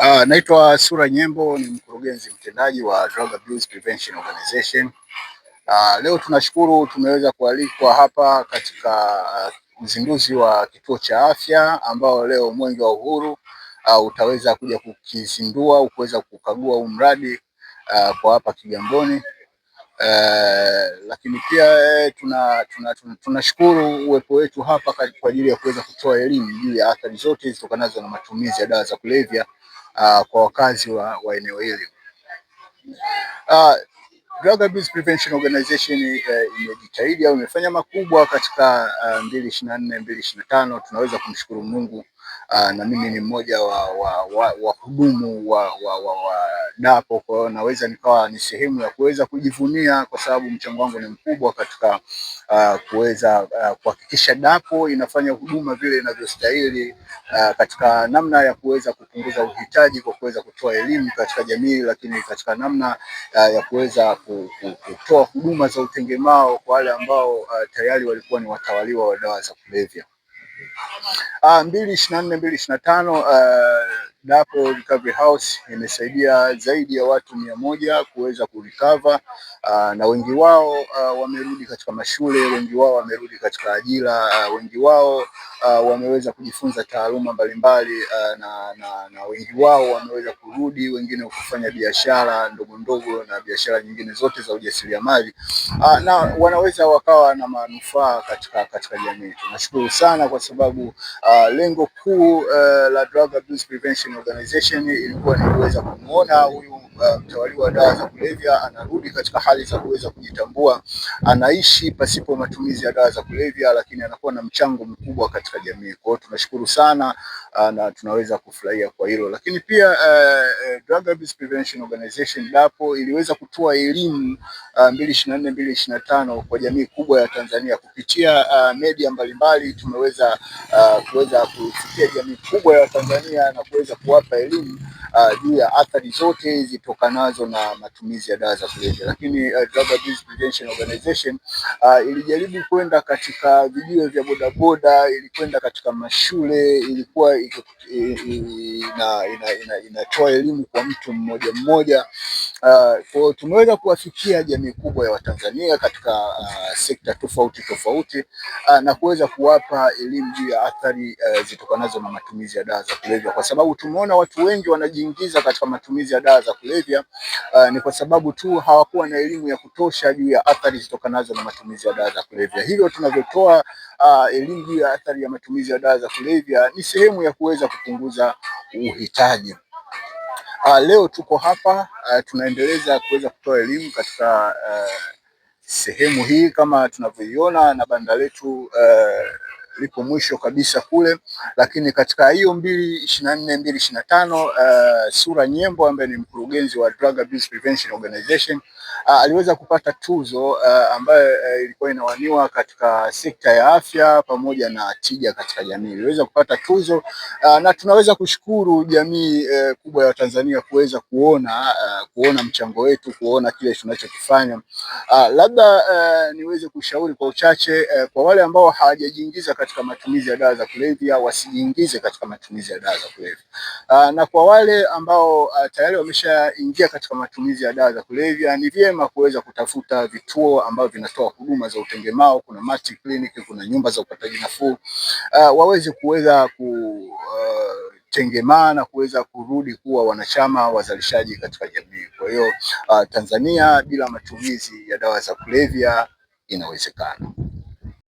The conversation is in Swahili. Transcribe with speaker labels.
Speaker 1: Uh, naitwa Sura Nyembo ni mkurugenzi mtendaji wa Drug Abuse Prevention Organization. Uh, leo tunashukuru tumeweza kualikwa hapa katika ah, uzinduzi wa kituo cha afya ambao leo Mwenge wa Uhuru uh, utaweza kuja kukizindua ukuweza kukagua huu mradi uh, kwa hapa Kigamboni. Eh, lakini pia tunashukuru eh, tuna, tuna uwepo wetu hapa kwa ajili ya kuweza kutoa elimu juu ya athari zote zitokanazo na matumizi ya dawa za kulevya uh, kwa wakazi wa, wa eneo hili uh, Drug Abuse Prevention Organization uh, imejitahidi au imefanya makubwa katika ah, mbili ishirini na nne mbili ishirini na tano tunaweza kumshukuru Mungu uh, na mimi ni mmoja wa wahudumu wa, wa, wa, wa, wa, wa dapo. Kwa hiyo naweza nikawa ni sehemu ya kuweza kujivunia, kwa sababu mchango wangu ni mkubwa katika uh, kuweza uh, kuhakikisha dapo inafanya huduma vile inavyostahili uh, katika namna ya kuweza kupunguza uhitaji kwa kuweza kutoa elimu katika jamii, lakini katika namna uh, ya kuweza kutoa huduma za utengemao kwa wale ambao uh, tayari walikuwa ni watawaliwa wa dawa za kulevya. Uh, mbili ishirini na nne mbili ishirini na tano uh, eh, Dapo Recovery House imesaidia zaidi ya watu mia moja kuweza kurecover uh, na wengi wao uh, wamerudi katika mashule, wengi wao wamerudi katika ajira uh, wengi wao uh, wameweza kujifunza taaluma mbalimbali uh, na, na, na wengi wao wameweza kurudi, wengine kufanya biashara ndogo ndogo na biashara nyingine zote za ujasiriamali uh, na wanaweza wakawa na manufaa katika, katika jamii. Tunashukuru sana kwa sababu uh, lengo kuu uh, la Drug Abuse Prevention Organization ilikuwa ni kuweza kumwona huyu uh, mtawaliwa wa dawa za kulevya anarudi katika hali za kuweza kujitambua, anaishi pasipo matumizi ya dawa za kulevya, lakini anakuwa na mchango mkubwa katika katika jamii. Kwa hiyo tunashukuru sana uh, na tunaweza kufurahia kwa hilo, lakini pia uh, uh Drug Abuse Prevention Organization DAPO iliweza kutoa elimu uh, mbili ishirini na nne mbili na tano kwa jamii kubwa ya Tanzania kupitia uh, media mbalimbali tumeweza uh, kuweza kufikia jamii kubwa ya Tanzania na kuweza kuwapa elimu uh, juu ya athari zote zitokanazo na matumizi ya dawa za kulevya. Lakini uh, Drug Abuse Prevention Organization uh, ilijaribu kwenda katika vijio vya bodaboda, ilikwenda katika mashule, ilikuwa ina, ina, ina, inatoa elimu kwa mtu mmoja mmoja. Uh, kwa tumeweza kuwafikia jamii kubwa ya Watanzania katika uh, sekta tofauti tofauti uh, na kuweza kuwapa elimu juu ya athari uh, zitokanazo na matumizi ya dawa za kulevya, kwa sababu tumeona watu wengi wanaji kujiingiza katika matumizi ya dawa za kulevya uh, ni kwa sababu tu hawakuwa na elimu ya kutosha juu ya athari zitokanazo na matumizi ya dawa za kulevya. Hivyo tunavyotoa uh, elimu juu ya athari ya matumizi ya dawa za kulevya ni sehemu ya kuweza kupunguza uhitaji. Uh, leo tuko hapa uh, tunaendeleza kuweza kutoa elimu katika uh, sehemu hii kama tunavyoiona na banda letu uh, lipo mwisho kabisa kule, lakini katika hiyo mbili ishirini na nne mbili ishirini na tano uh, Sura Nyembo ambaye ni mkurugenzi wa Drug Abuse Prevention Organization uh, aliweza kupata tuzo uh, ambayo uh, ilikuwa inawaniwa katika sekta ya afya pamoja na tija katika jamii, aliweza kupata tuzo uh, na tunaweza kushukuru jamii uh, kubwa ya Tanzania kuweza kuona uh, kuona mchango wetu, kuona kile tunachokifanya. Uh, labda uh, niweze kushauri kwa uchache uh, kwa wale ambao hawajajiingiza katika matumizi ya dawa za kulevya, wasijiingize katika matumizi ya dawa za kulevya. Ah, na kwa wale ambao ah, tayari wameshaingia katika matumizi ya dawa za kulevya, ni vyema kuweza kutafuta vituo ambavyo vinatoa huduma za utengemao. Kuna Mati clinic, kuna nyumba za upataji nafuu ah, waweze kuweza ku tengemaa na kuweza kurudi kuwa wanachama wazalishaji katika jamii. Kwa hiyo uh, Tanzania bila matumizi ya dawa za kulevya inawezekana.